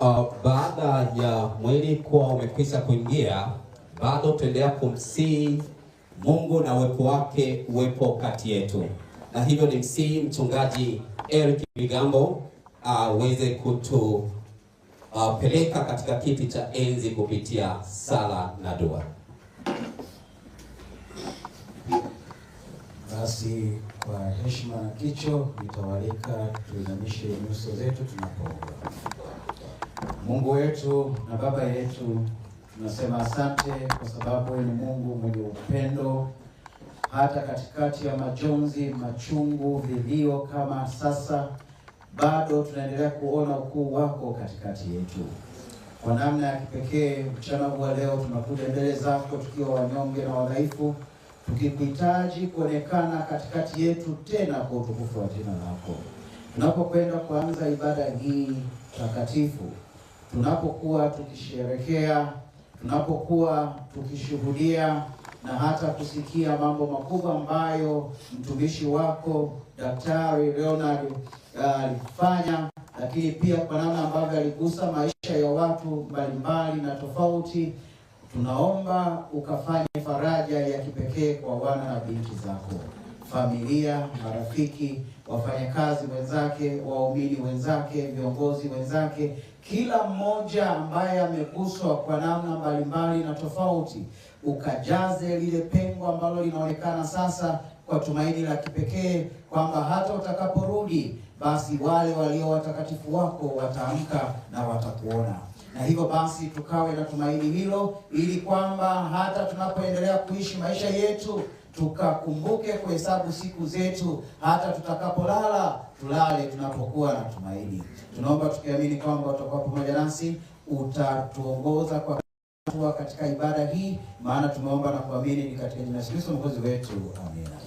Uh, baada ya mwili kuwa umekwisha kuingia, bado tuendelea kumsii Mungu na uwepo wake uwepo kati yetu, na hivyo ni msii mchungaji Eric Bigambo aweze uh, kutupeleka uh, katika kiti cha enzi kupitia sala na dua. Basi kwa heshima na kicho nitawalika tuinamishe nyuso zetu tunapoomba. Mungu wetu na Baba yetu, tunasema asante kwa sababu ni Mungu mwenye upendo hata katikati ya majonzi, machungu, vilio kama sasa, bado tunaendelea kuona ukuu wako katikati yetu. Kwa namna ya kipekee mchana huu wa leo tunakuja mbele zako tukiwa wanyonge na wadhaifu, tukikuhitaji kuonekana katikati yetu tena kwa utukufu wa jina lako. Tunapokwenda kuanza ibada hii takatifu tunapokuwa tukisherekea, tunapokuwa tukishuhudia na hata kusikia mambo makubwa ambayo mtumishi wako Daktari Leonard uh, alifanya, lakini pia kwa namna ambavyo aligusa maisha ya watu mbalimbali na tofauti, tunaomba ukafanye faraja ya kipekee kwa wana na binti zako familia, marafiki, wafanyakazi wenzake, waumini wenzake, viongozi wenzake, kila mmoja ambaye ameguswa kwa namna mbalimbali na tofauti, ukajaze lile pengo ambalo linaonekana sasa, kwa tumaini la kipekee kwamba hata utakaporudi basi wale walio watakatifu wako wataamka na watakuona na hivyo basi tukawe na tumaini hilo, ili kwamba hata tunapoendelea kuishi maisha yetu tukakumbuke kuhesabu siku zetu, hata tutakapolala tulale tunapokuwa na tumaini. Tunaomba tukiamini kwamba utakuwa pamoja nasi, utatuongoza kwa kuwa katika ibada hii, maana tumeomba na kuamini ni katika jina la Yesu Kristo mwokozi wetu, amina.